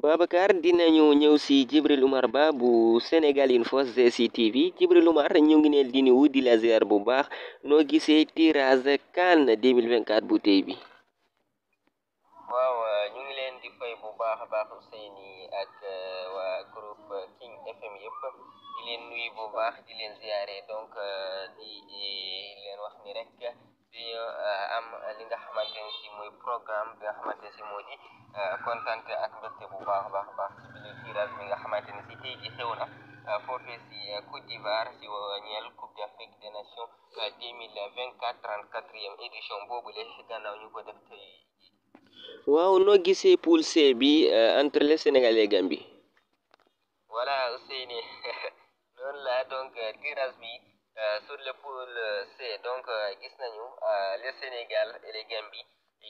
Babacar dinañu ñëw si Jibril Umar Ba bu Sénégal Info si TV Jibril Umar ñu ngi neel di nuyu di la ziar bu baax noo gise tirage CAN 2024 bu tey bi. waaw euh, ñu ngi leen di fay bu baax a baax Ousseyni ak euh, waa groupe King FM yëpp di leen nuyu bu baax di leen ziare donc euh, di leen wax ni rek am li nga xamante si mooy programme bi nga xamante si moo di. kontante euh, ak mbégte bu baax a baax a baax ci bi ñu tirage bi nga xamante si tey ji xew na euh, si euh, Côte d'Ivoire si ñeel Coupe d'Afrique des Nations deux mille vingt quatre trente quatrième édition boobule gannaaw ñu ko def tey. waaw noo gisee poule C bi entre les Sénégalais et Gambie. voilà Ousseyni noonu la donc tirage bi sur le poule C donc gis nañu le Sénégal et les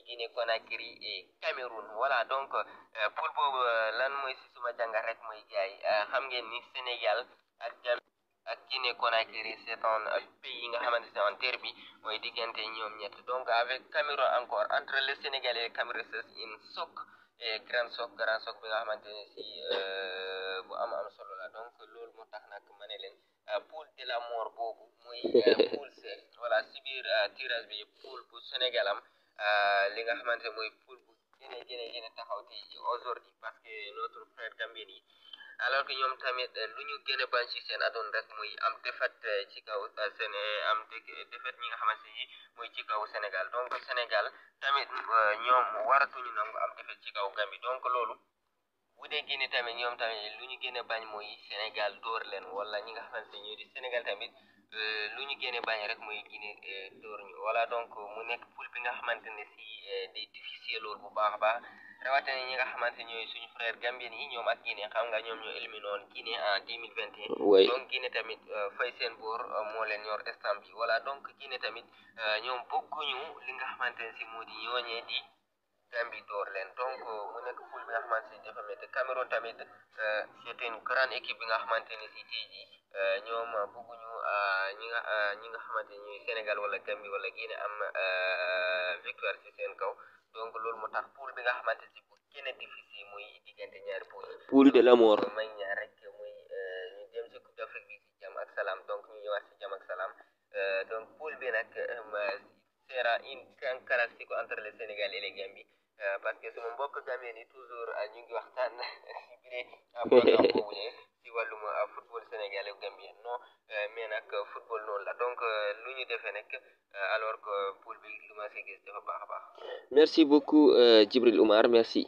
Guinée Conakry et Cameroun voilà donc euh, pour boobu euh, lan mooy si suma jàngat rek mooy gars euh, xam ngeen ni Sénégal ak ak Guinée Conakry c' est nga xamante ne en terre bi mooy diggante ñoom ñett donc avec Cameroun encore entre le Sénégal et Cameroun c' bi nga xamante si bu am am solo la donc loolu moo tax nag ma ne leen poule de la mort boobu muy poule c' voilà si biir tirage bi poule bu Sénégal Euh, li nga xamante mooy pour bu gën taxaw tey jii parce que notre frère Gambien yi alors que ñoom tamit lu ñu gën a bañ ci seen adoon rek muy am defet euh, ci kaw euh, seen am defet ñi nga xamante ni mooy ci kaw Sénégal donc Sénégal tamit ñoom waratuñu nangu am defet ci kaw Gambie donc loolu. bu dee Guinée tamit ñoom tamit lu ñu gën bañ mooy Sénégal dóor leen wala ñi nga xamante ñoo di Sénégal tamit euh, lu ñu gën bañ rek mooy Guinée euh, dóor ñu voilà donc euh, mu nekk poule bi nga xamante ne si day difficile lool bu baax a baax rawatina ñi nga xamante ñooy suñu frère Gambien yi ñoom ak Guinée xam nga ñoom ñoo éliminé woon Guinée en deux mille vingt et un donc Guinée tamit fay seen boor moo leen yor instant voilà donc Guinée tamit ñoom bokkuñu li nga xamante Gambie door leen donc mu nekk poule bi nga xamante dafa métti Cameroun tamit c' est une grande équipe bi nga xamante ni si tey jii ñoom bëgguñu ñi nga ñi nga xamante ni Sénégal wala Gambie wala Guinée am victoire si seen kaw donc loolu moo tax poule bi nga difisi ni bu gën a difficile muy diggante ñaari poule yi. poule de la mort may ñaar rek muy ñu dem si Coupe d' Afrique bi si jàmm ak salaam donc ñu ñëwaat si ak eh, donc bi sera un classico entre le Sénégal et le Gambie. Euh, parce que sama mbokk ni toujours euh, ñu ngi waxtaan si biir ci euh, football sénégalais gambien non mais football non la donc lu alors que pour le lu c'est dafa merci beaucoup Djibril Oumar merci.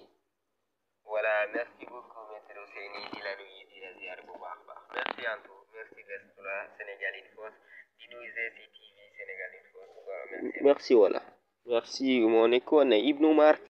voilà merci beaucoup maître Ousseyni di la nuyu la merci à merci Sénégal Info di Sénégal Info merci voilà merci mon école Ibn